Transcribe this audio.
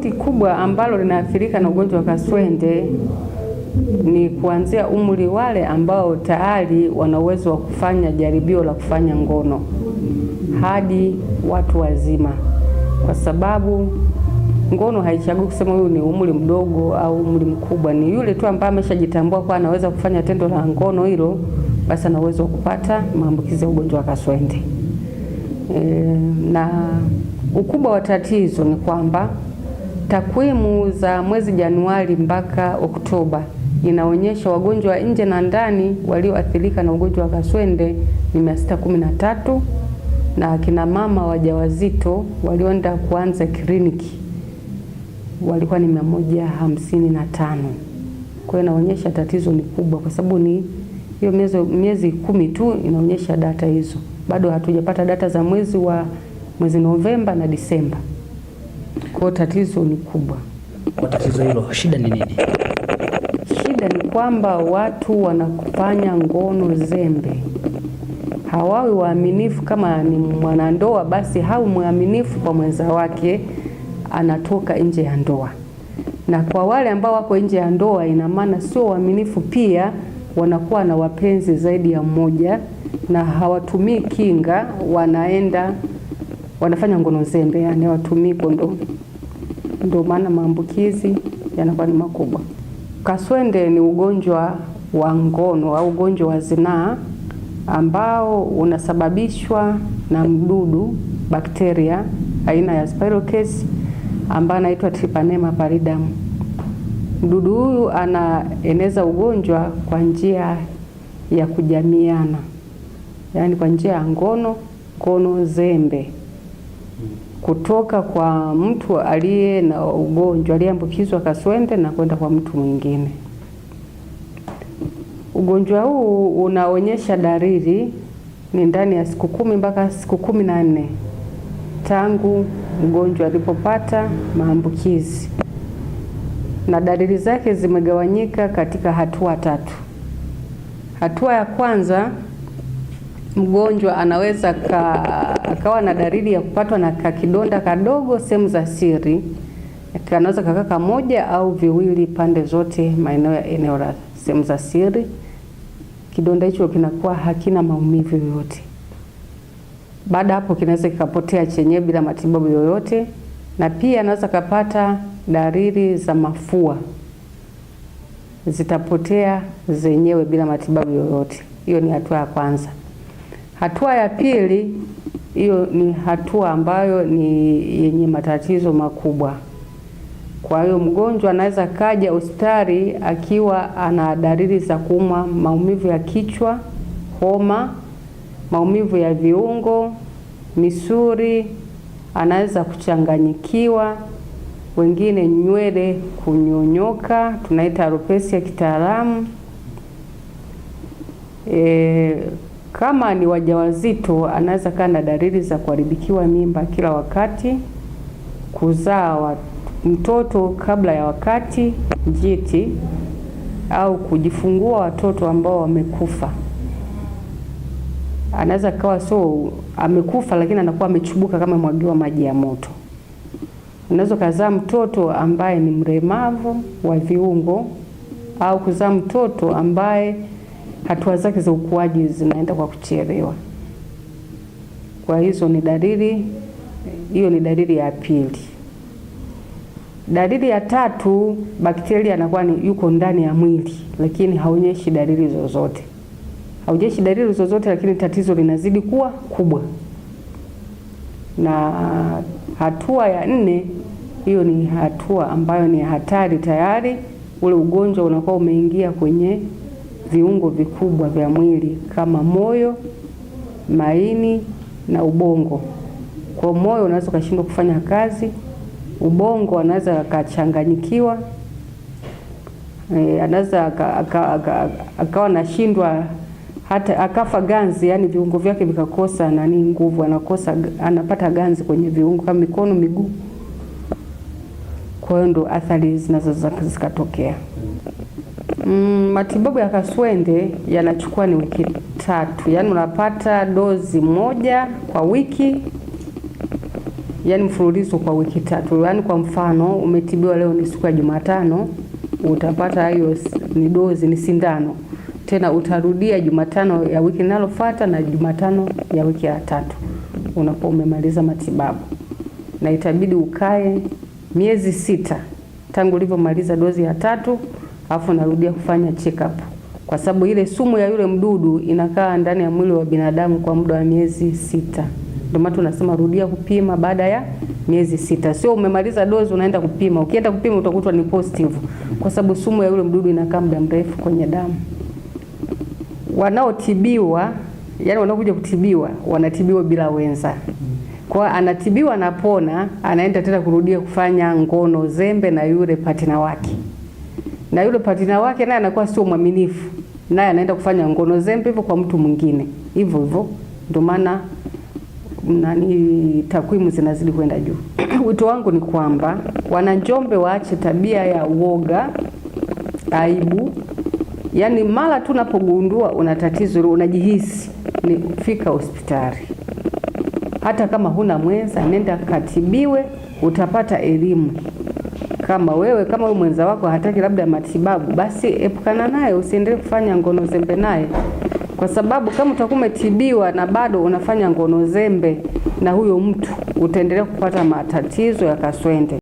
kundi kubwa ambalo linaathirika na ugonjwa wa kaswende ni kuanzia umri wale ambao tayari wana uwezo wa kufanya jaribio la kufanya ngono hadi watu wazima, kwa sababu ngono haichagui kusema huyu ni umri mdogo au umri mkubwa. Ni yule tu ambaye ameshajitambua kwa anaweza kufanya tendo la ngono hilo, basi ana uwezo wa kupata maambukizi ya ugonjwa wa kaswende. E, na ukubwa wa tatizo ni kwamba Takwimu za mwezi Januari mpaka Oktoba inaonyesha wagonjwa nje na ndani walioathirika na ugonjwa wa kaswende ni mia sita kumi na tatu na akina mama wajawazito walioenda kuanza kliniki walikuwa ni mia moja hamsini na tano. Kwa hiyo inaonyesha tatizo ni kubwa, kwa sababu ni hiyo miezi, miezi kumi tu inaonyesha data hizo. Bado hatujapata data za mwezi wa mwezi Novemba na Disemba. Kwa tatizo ni kubwa. Kwa tatizo hilo, shida ni nini? Shida ni kwamba watu wanakufanya ngono zembe, hawawi waaminifu. Kama ni mwanandoa, basi hau mwaminifu kwa mwenza wake, anatoka nje ya ndoa. Na kwa wale ambao wako nje ya ndoa, ina maana sio waaminifu pia, wanakuwa na wapenzi zaidi ya mmoja na hawatumii kinga, wanaenda wanafanya ngono zembe, yani watumii kondomu, ndio maana maambukizi yanakuwa ni makubwa. Kaswende ni ugonjwa wa ngono au ugonjwa wa zinaa ambao unasababishwa na mdudu bakteria aina ya Spirocase ambaye anaitwa Treponema pallidum. Mdudu huyu anaeneza ugonjwa kwa njia ya kujamiana, yaani kwa njia ya ngono, ngono zembe kutoka kwa mtu aliye na ugonjwa aliyeambukizwa kaswende na kwenda kwa mtu mwingine. Ugonjwa huu unaonyesha dalili ni ndani ya siku kumi mpaka siku kumi na nne tangu mgonjwa alipopata maambukizi, na dalili zake zimegawanyika katika hatua tatu. Hatua ya kwanza mgonjwa anaweza akawa na dalili ya kupatwa na kakidonda kadogo sehemu za siri, anaweza kakaa kamoja au viwili pande zote maeneo ya eneo la sehemu za siri. Kidonda hicho kinakuwa hakina maumivu yoyote. Baada hapo kinaweza kikapotea chenyewe bila matibabu yoyote, na pia anaweza kapata dalili za mafua, zitapotea zenyewe bila matibabu yoyote. Hiyo ni hatua ya kwanza. Hatua ya pili, hiyo ni hatua ambayo ni yenye matatizo makubwa. Kwa hiyo mgonjwa anaweza kaja hospitali akiwa ana dalili za kuumwa, maumivu ya kichwa, homa, maumivu ya viungo, misuri anaweza kuchanganyikiwa, wengine nywele kunyonyoka, tunaita alopecia kitaalamu e, kama ni wajawazito, anaweza kaa na dalili za kuharibikiwa mimba kila wakati, kuzaa wa mtoto kabla ya wakati, njiti au kujifungua watoto ambao wamekufa. Anaweza kawa so amekufa, lakini anakuwa amechubuka kama mwagiwa maji ya moto. anaweza kuzaa mtoto ambaye ni mlemavu wa viungo au kuzaa mtoto ambaye hatua zake za ukuaji zinaenda kwa kuchelewa. Kwa hizo ni dalili hiyo, ni dalili ya pili. Dalili ya tatu, bakteria anakuwa ni yuko ndani ya mwili lakini haonyeshi dalili zozote, haonyeshi dalili zozote, lakini tatizo linazidi kuwa kubwa. Na hatua ya nne, hiyo ni hatua ambayo ni hatari tayari, ule ugonjwa unakuwa umeingia kwenye viungo vikubwa vya mwili kama moyo, maini na ubongo. Kwa moyo unaweza ukashindwa kufanya kazi, ubongo anaweza akachanganyikiwa, e, anaweza akawa anashindwa hata akafa ganzi, yani viungo vyake vikakosa nani nguvu, anakosa anapata ganzi kwenye viungo kama mikono, miguu. Kwa hiyo ndo athari zinazo zikatokea. Mm, matibabu ya kaswende yanachukua ni wiki tatu, yaani unapata dozi moja kwa wiki, yaani mfululizo kwa wiki tatu. Yaani kwa mfano umetibiwa leo ni siku ya Jumatano, utapata hiyo ni dozi, ni sindano tena, utarudia Jumatano ya wiki inalofuata na Jumatano ya wiki ya tatu unapo umemaliza matibabu, na itabidi ukae miezi sita tangu ulivyomaliza dozi ya tatu alafu narudia kufanya check up, kwa sababu ile sumu ya yule mdudu inakaa ndani ya mwili wa binadamu kwa muda wa miezi sita. Ndio maana tunasema rudia kupima baada ya miezi sita, sio umemaliza dozi unaenda kupima. Ukienda kupima utakutwa ni positive, kwa sababu sumu ya yule mdudu inakaa muda mrefu kwenye damu. Wanaotibiwa yani, wanaokuja kutibiwa wanatibiwa bila wenza kwa anatibiwa napona, anaenda tena kurudia kufanya ngono zembe na yule patina wake na yule patina wake naye anakuwa sio mwaminifu, naye anaenda kufanya ngono zembe hivyo kwa mtu mwingine hivyo hivyo. Ndio maana nani, takwimu zinazidi kwenda juu. Wito wangu ni kwamba Wananjombe waache tabia ya uoga, aibu. Yaani mara tu unapogundua una tatizo unajihisi ni fika hospitali, hata kama huna mwenza, nenda katibiwe, utapata elimu kama wewe kama huyu mwenza wako hataki labda matibabu, basi epukana naye, usiendelee kufanya ngono zembe naye, kwa sababu kama utakuwa umetibiwa na bado unafanya ngono zembe na huyo mtu, utaendelea kupata matatizo ya kaswende.